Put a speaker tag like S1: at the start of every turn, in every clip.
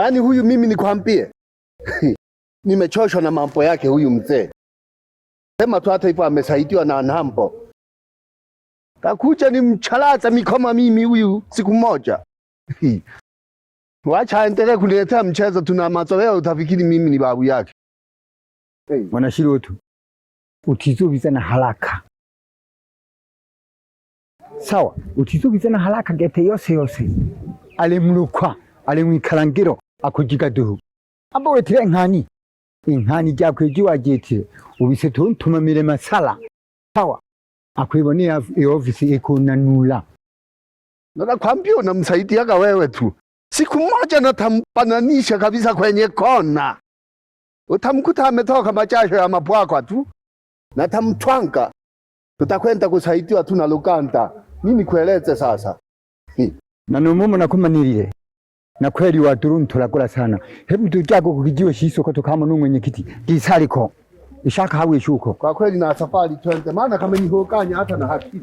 S1: Yaani huyu mimi nikwambie, nimechoshwa na mambo yake huyu mzee. Sema tu hata hivyo amesaidiwa na Nambo. Kakuja ni mchalaza mikoma mimi huyu siku moja. Wacha endelee kuniletea mchezo, tuna mazoea, utafikiri mimi ni babu yake. Hey. wetu utizuvi sana haraka sawa, utizuvi sana haraka gete yose yose alimlukwa alimwikalangiro akhujikatuhu amba wethira inhani inhani jakhwici wajethile ovise thonthumamile masala sawa akhwivone iofisi ikhonanula msaidi namsaidiaga wewe tu siku moja natampananisha kabisa kwenye kona utamkuta ametoka machasho ya mapwakwa tu natamtwanga tutakwenda kusaidiwa tu na Luganda nini kueleze sasa na numumu nakumanilile na kweli Wadurumu tulagula sana. Hebu tujago kukijiwe shiso shisoko tukama nu mwenyekiti. Gisaliko. Ishaka hawe shuko. Kwa kweli na safari twende maana kama ni hukanya hata na hakika.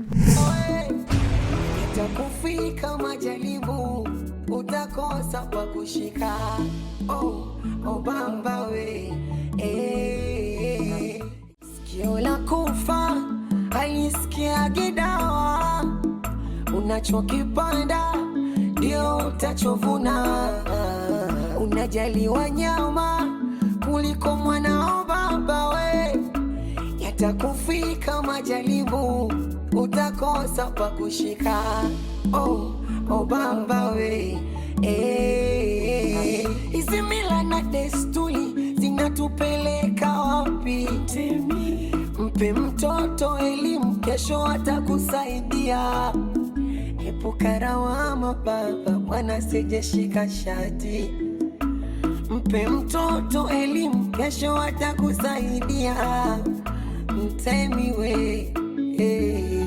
S1: Itakufika majaribu utakosa pa kushika. Oh, obamba oh, we. Eh, eh. Sikio la kufa haisikia gidawa Unachokipanda ndio utachovuna. Unajali wanyama kuliko mwanao baba we, yatakufika majaribu utakosa pa kushika. Oh, oh baba we eh, eh, eh. hizi
S2: mila na desturi zinatupeleka wapi? Mpe mtoto elimu, kesho atakusaidia. Epuka wa baba, mwana asijeshika shati. Mpe mtoto elimu, kesho atakusaidia. Mtemi we, e, hey,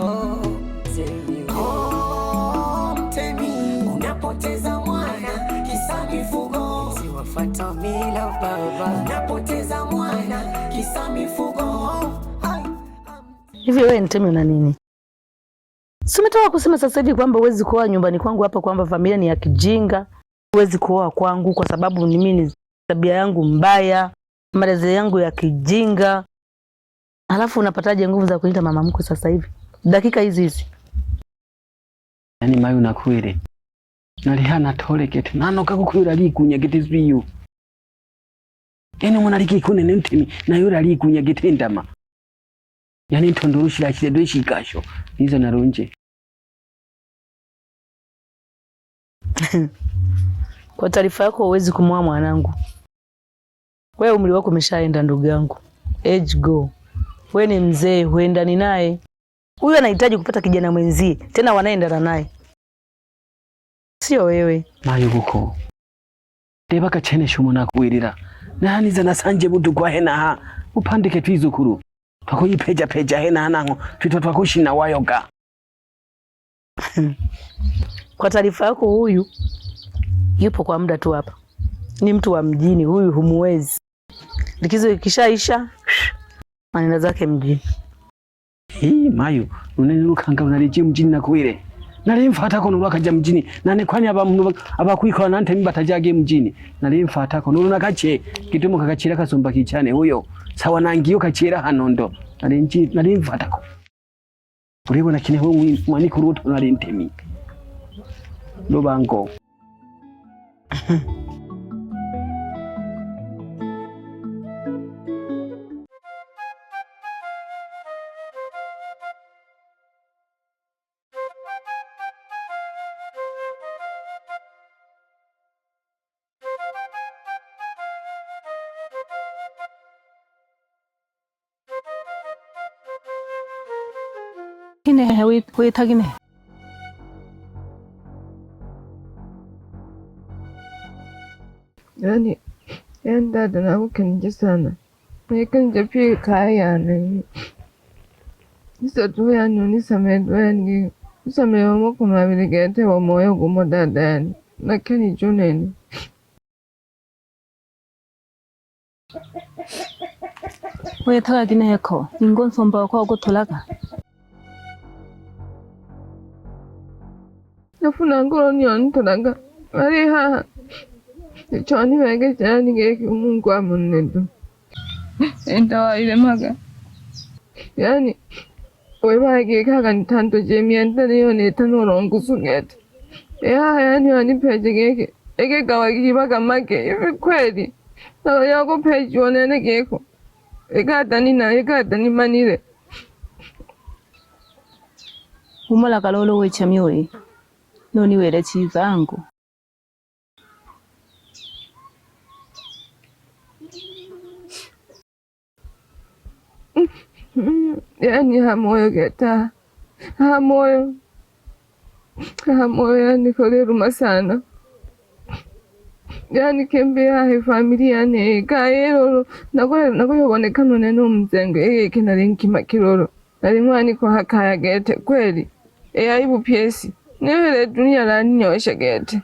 S2: oh, mtemi we. mtemi, unapoteza mwana kisa mifugo, mila baba, unapoteza mwana kisa mifugo. Hivi wewe mtemi una nini? Simetoka kusema sasa hivi kwamba huwezi kuoa nyumbani kwangu hapa, kwamba familia ni ya kijinga, huwezi kuoa kwangu kwa sababu mimi ni tabia yangu mbaya, malezi yangu ya kijinga. Alafu unapataje nguvu za kuita mama mkwe sasa hivi dakika hizi hizi?
S1: Yani mayu nakwere nalihana tolekete nanoka kukwira likunyagete zviyu yani mwana likikunene ntimi nayura likunyagete ndama yani ntondoro shirakire dwe shigasho nizo naronje
S2: Kwa taarifa yako, huwezi kumwoa mwanangu. We umri wako umeshaenda, ndugu yangu, age go. We ni mzee, huendani naye. Huyu anahitaji kupata kijana mwenzie tena wanaendana naye, sio wewe.
S1: mayo guko deba kachene shumo nakuwirira naniza nasanje mutu kwahenaha upandike twizukuru peja hena anang'o twitho twakushina wayoka
S2: Kwa taarifa yako, huyu yupo kwa muda tu hapa, ni mtu wa mjini huyu, humuwezi. Likizo ikishaisha anaenda zake mjini.
S1: Hii mayu unenilukanga unalichia mjini na kuile nalimfatako nolwakaja mjini nanekwanya abakwikala nantemi batajage mjini nalimfatako nolunakache kitumo kakachira kasumba kichane huyo sawa nangiyo kachira hanondo nalimfatako uribona kineho mwanikuruto nalintemi lubango
S2: হয়ে হয়ে
S3: Yani yan dada na mukan ji sana. Me kan tafi kaya ne. Isa tu ya nuni same dwengi. Same wa moko mabiligete wa moyo gumo dada ni. Na kani june ni.
S2: 왜 타가긴 해코 인권 손바고 하고 돌아가
S3: 나쁜안걸언니언더나가 말이하 전이 말겠지 아니게 교문과 못내도
S2: 엔더와 이래마가
S3: yani webage kagan tanto jemian tane yone tano rongu sunget yani yani pejege ege kawagi make ife kweli na yago geko ega na ega tani manire
S2: umala kalolo none wera chivangu
S3: yani hamoyo geta hamoyo hamoyo yani koleruma sana yani kembe yahe familia yane kayelolo nakoyoboneka none nomuzengo egeke nali nkima kilolo nali mwaniko hakaya gete kweli eyayibupyesi nevele dunia la nini weshegete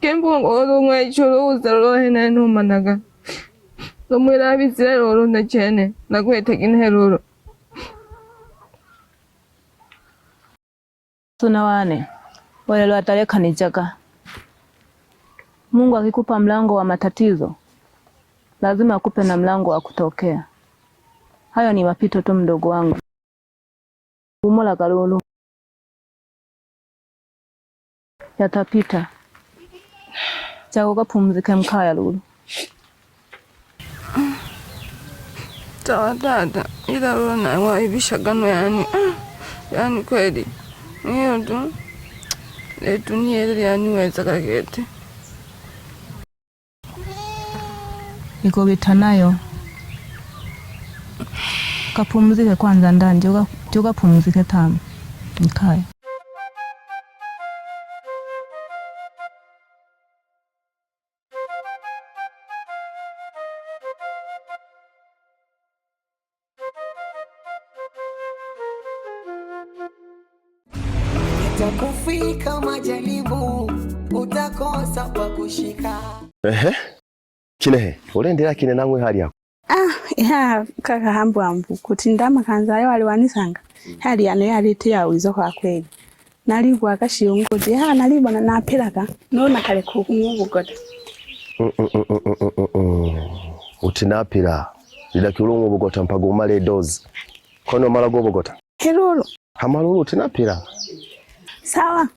S3: kembungo lung'weco luuza lumwila abizile lolu nachene nakuweteginehe lulo
S2: tuna wane wale lwataleka nijaga Mungu akikupa mlango wa matatizo lazima akupe na mlango wa kutokea. Hayo ni mapito tu, mdogo wangu umola kalulu yatapita kapumzike mkaya lulu
S3: tawa dada ila lulu naye waibisha gano yani ah, yani kweli niyo tu letu niyeli yaniweza kageti
S2: ikobita nayo kapumzike kwanza ndani jogapumzike tamu mkhaya
S4: Ukufika majaribu utakosa pa kushika. Ehe. Kinehe, ulendelea kine nangwe hali yako.
S5: Ah, ya kaka hambu hambu kutindama kanza yo aliwanisanga. Hali yano tia wizo kwa kweli. Nalibwa akashiongoje. Ha nalibwa na napelaka. Nona kale kungubu goda. Mm -mm -mm -mm
S4: -mm. mm, mm. Utinapira lidakilungu bogota mpaga umale dozi kono mala gobogota helolo hamalulu utinapira
S5: sawa,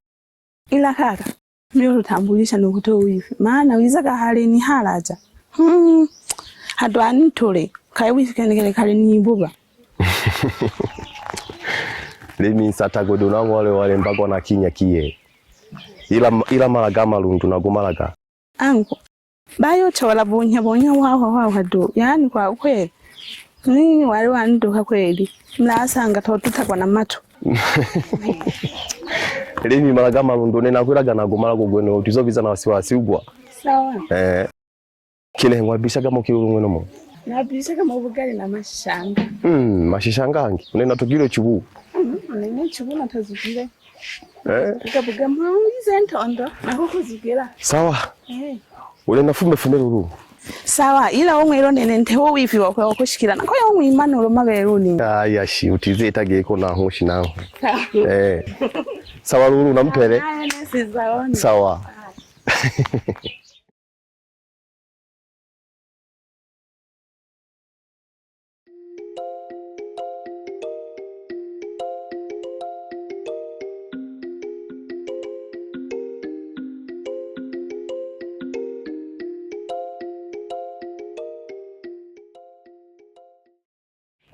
S5: ila kaka mimi utambulisha nikutoe wifi, maana kahali ni haraja hmm. hatwanitole kawifi kenekele mbuga
S4: limi nsatagodo namo wale wale mbago na kinya kie ila ila malaga malundu nagumalaga
S5: angu bayocha walabonya bonya bonya wawa wawa do yani kwa kweli nini wale wanduka kweli mlasanga totutakwa na mato
S4: limi mara kama ndo nena kwiraga nagomala kugweno visa na wasiwasi ugwa
S5: sawa eh
S4: kile ngwa ngwabisha kama mo
S5: na bisha kama ubugali na mashanga
S4: mm mashishanga hmm, ngi unena tukile chubu
S5: mm nene chubu natazukile eh ikabuga mwa izento ndo nakukuzigira
S4: sawa eh ule nafume fume ruru
S5: sawa ila omwe ilondene ntewo wivi wakwe na nakoya omwe imani uloma beluni
S4: ayashi utize itageko naho shinaho eh sawa lulu nampere sawa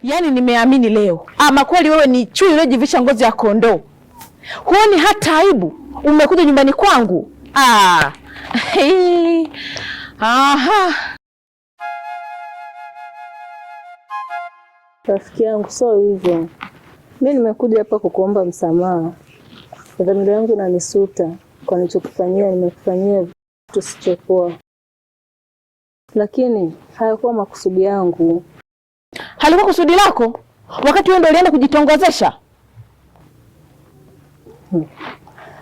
S2: Yaani nimeamini leo, ama kweli wewe ni chui uliojivisha ngozi ya kondoo. Huoni hata aibu? Umekuja nyumbani kwangu. Ah. Aha.
S6: Rafiki yangu, sio hivyo. Mimi nimekuja hapa kukuomba msamaha. Dhamira yangu inanisuta kwa nilichokufanyia, nimekufanyia vitu sichopoa, lakini hayakuwa makusudi yangu
S2: halikuwa kusudi lako, wakati wewe ndio ulienda kujitongozesha.
S6: Hmm.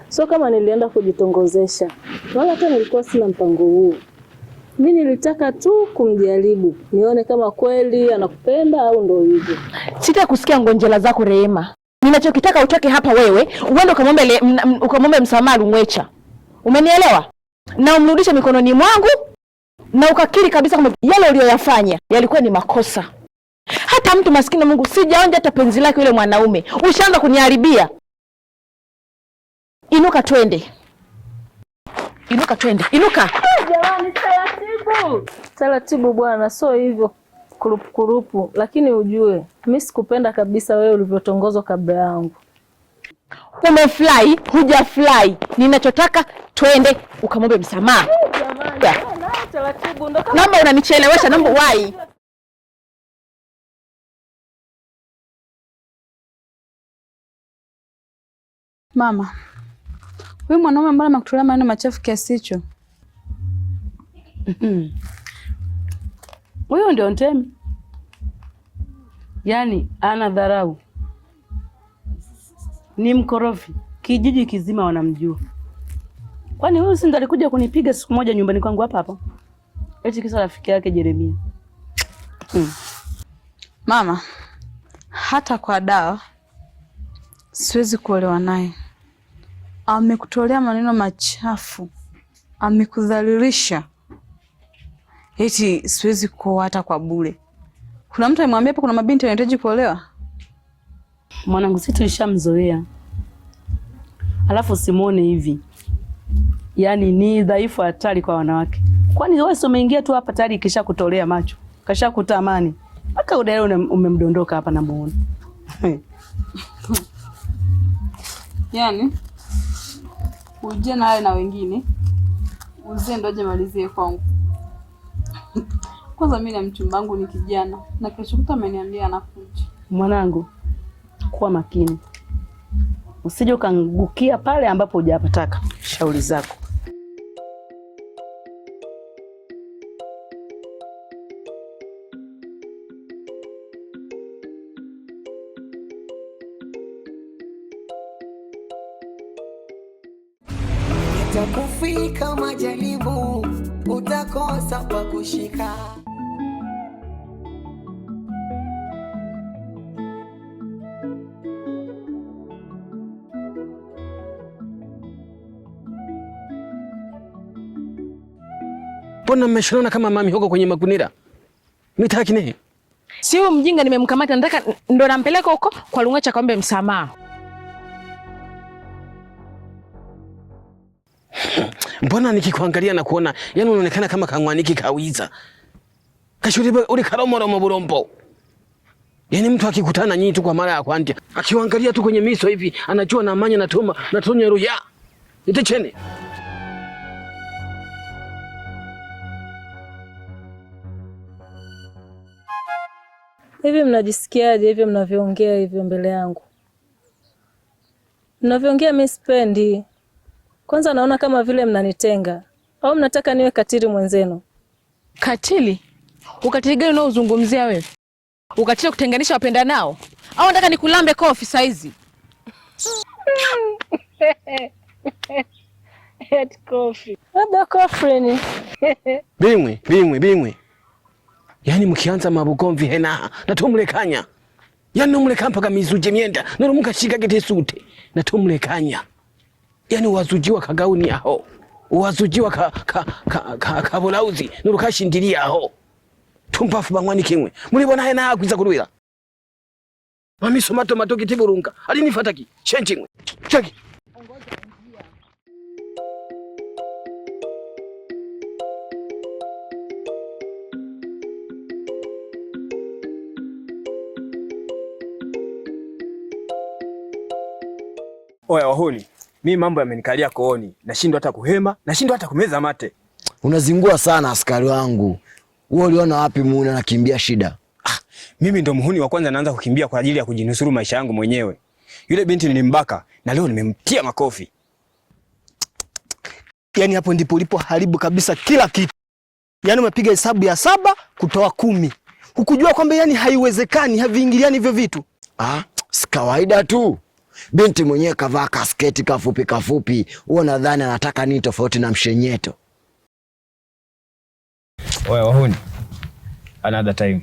S6: So kama nilienda kujitongozesha, wala hata nilikuwa sina mpango huu. Mimi nilitaka tu kumjaribu nione kama kweli anakupenda au ndio hivyo.
S2: Sita kusikia ngonjela zako Rehema. Ninachokitaka utoke hapa wewe, uende ukamwombe ukamwombe msamaha Lumwecha. Umenielewa? Na umrudishe mikononi mwangu na ukakiri kabisa kwamba yale uliyoyafanya yalikuwa ni makosa hata mtu maskini Mungu, sijaonja hata penzi lake yule mwanaume, ushaanza kuniharibia. Inuka twende, inuka twende, inuka.
S6: Jamani, taratibu taratibu bwana, so hivyo kurupu kurupu. Lakini ujue mi sikupenda kabisa wewe ulivyotongozwa kabla yangu.
S2: Umefurahi hujafurahi, ninachotaka twende ukamwombe msamaha. Jamani, unanichelewesha, naomba wai
S7: Mama, huyu mwanaume mbona amekutolea maneno machafu kiasi hicho?
S2: Huyu ndio Ntemi, yaani ana dharau, ni mkorofi, kijiji kizima wanamjua. Kwani huyu si ndo alikuja kunipiga siku moja nyumbani kwangu hapa hapa, eti kisa rafiki yake Jeremia. Mm.
S7: Mama, hata kwa dawa siwezi kuolewa naye amekutolea maneno machafu, amekudhalilisha,
S2: eti siwezi kuoa hata kwa bure. Kuna mtu amemwambia hapo kuna mabinti wanahitaji kuolewa? Mwanangu sisi tulishamzoea, alafu simuone hivi, yaani ni dhaifu, hatari kwa wanawake. Kwani wewe sio umeingia tu hapa tayari kisha kutolea macho, kisha kutamani mpaka udale umemdondoka hapa na muone.
S6: Yaani? uje nawe na wengine uzie ndo aje malizie kwangu. Kwanza mimi na mchumba wangu ni kijana na mtu ameniambia anakuja.
S2: Mwanangu, kuwa makini, usije ukangukia pale ambapo hujapataka shauri zako. Itakufika majaribu,
S8: utakosa pa kushika. Mbona mmeshonana kama mami huko kwenye magunira? Mitaki nini?
S2: Si mjinga nimemkamata, nataka ndo nampeleka huko kwa Lungacha kaombe msamaha.
S8: mbona nikikuangalia na kuona yani unaonekana kama kangwaniki kawiza kashuri uli karomoro burombo. Yani mtu akikutana nyinyi tu kwa mara ya kwanza akiwaangalia tu kwenye miso hivi anajua na manya natuma toma ruya itechene
S6: hivi. Mnajisikiaje hivyo mnavyoongea hivyo mbele yangu? Mnavyoongea mimi sipendi. Kwanza naona kama vile mnanitenga au mnataka niwe katili mwenzenu.
S2: Katili? Ukatili gani unaozungumzia wewe? Ukatili kutenganisha wapenda nao au nataka nikulambe kofi saizi?
S6: Labda kofi.
S8: Bimwi, bimwi, bimwi. Yaani mkianza mabugomvi hena natumlekanya. Yaani nomleka mpaka mizuje mienda noromukashika gete sute natumlekanya yani wazujiwa kagauni aho wazujiwa ka ka ka, ka, ka bulauzi aho tumpafu bangwani kimwe mulibona hena yakwiza kurwira mami somato matoki tiburunga ali nifataki chenjimwe cheki
S9: Oya wahuni mi mambo yamenikalia kooni, nashindwa hata kuhema, nashindwa hata kumeza mate.
S10: Unazingua sana askari wangu. Wewe uliona wapi muhuni anakimbia shida?
S9: Ah, mimi ndo muhuni wa kwanza naanza kukimbia kwa ajili ya kujinusuru maisha yangu mwenyewe. Yule binti nilimbaka na leo nimemtia makofi.
S8: Yaani hapo ndipo ulipo haribu kabisa kila kitu. Yaani umepiga hesabu ya saba kutoa kumi. Ukujua kwamba yani haiwezekani, haviingiliani hivyo vitu.
S10: Ah, si kawaida tu. Binti mwenyewe kavaa kasketi kafupi kafupi, huo nadhani anataka nini tofauti na mshenyeto.
S9: Oya wahuni, another time.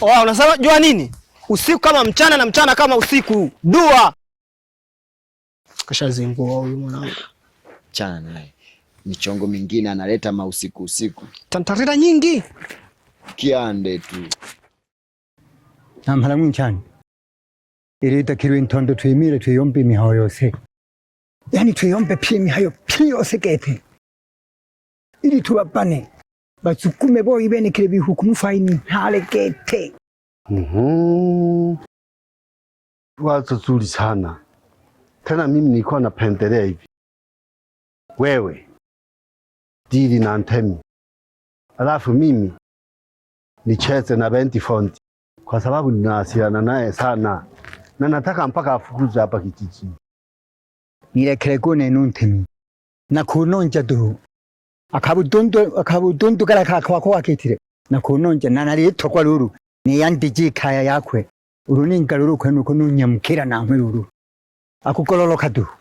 S8: Oya oh, unasema jua nini, usiku kama mchana na mchana kama usiku. Dua kashazingua huyu mwanangu,
S10: chana naye eh. michongo mingine analeta mausiku usiku,
S8: tantarira nyingi
S10: kiande tu
S1: nampalamwi cyane iridakiriwe intondo twimire twiyombe mihayo yose yani twiyombe pia imihayo pia yose gete ili ba tsukume bo fai ni hale ntare gete mhm wa tsuzuri sana tena mimi na napendelea hivi wewe dili na Ntemi alafu mimi nicheze na benti fondi kwa sababu ninawasiliana naye sana na nataka mpaka afukuze hapa kijiji. na kunonja tu kijijini. nirekere gone kwa nakunonja duru akabudundugara kakabako wakitire nakunonja nanariitogwa ruru ni niyandiji ikaya yakwe uru ningarurukwe nuko nunyamukira na ruru akugororoka duru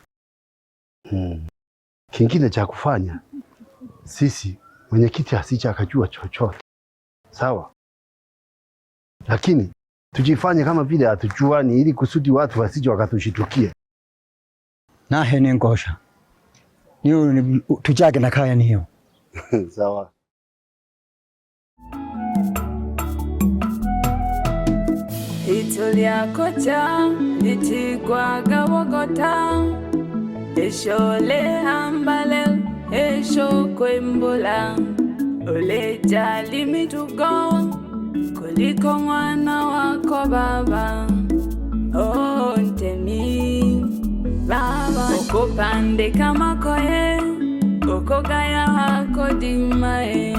S1: hmm. kingine cha kufanya sisi mwenyekiti asicha akajua chochote sawa lakini tujifanye kama vile hatujuani, ili kusudi watu wasije wakatushitukie. nahe ngosha ni tujage na kaya niyo sawa itulia itulyakocha litigwaga wogota esholehambale eshokwembula olejali mitugo kuliko mwana wako baba. Oh, Ntemi baba ukupandika makoye ukugaya hako dimae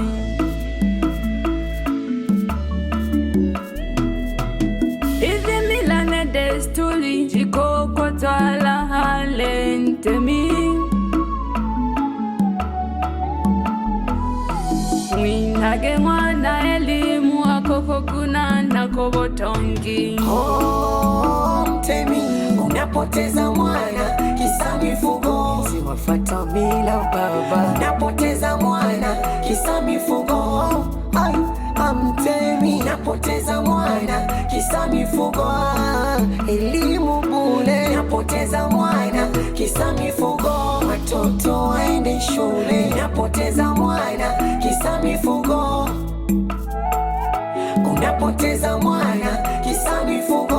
S1: izi mila na desturi jikokotwala hale Ntemi mwinage mwanae wako botongi. Oh, mtemi unapoteza mwana kisa mifugo, siwafata bila baba. Unapoteza mwana kisa mifugo, ai amtemi mwana kisa mifugo, elimu bule. Unapoteza mwana kisa mifugo, watoto waende shule. Unapoteza mwana kisa mifugo napoteza mwana kisa mifugo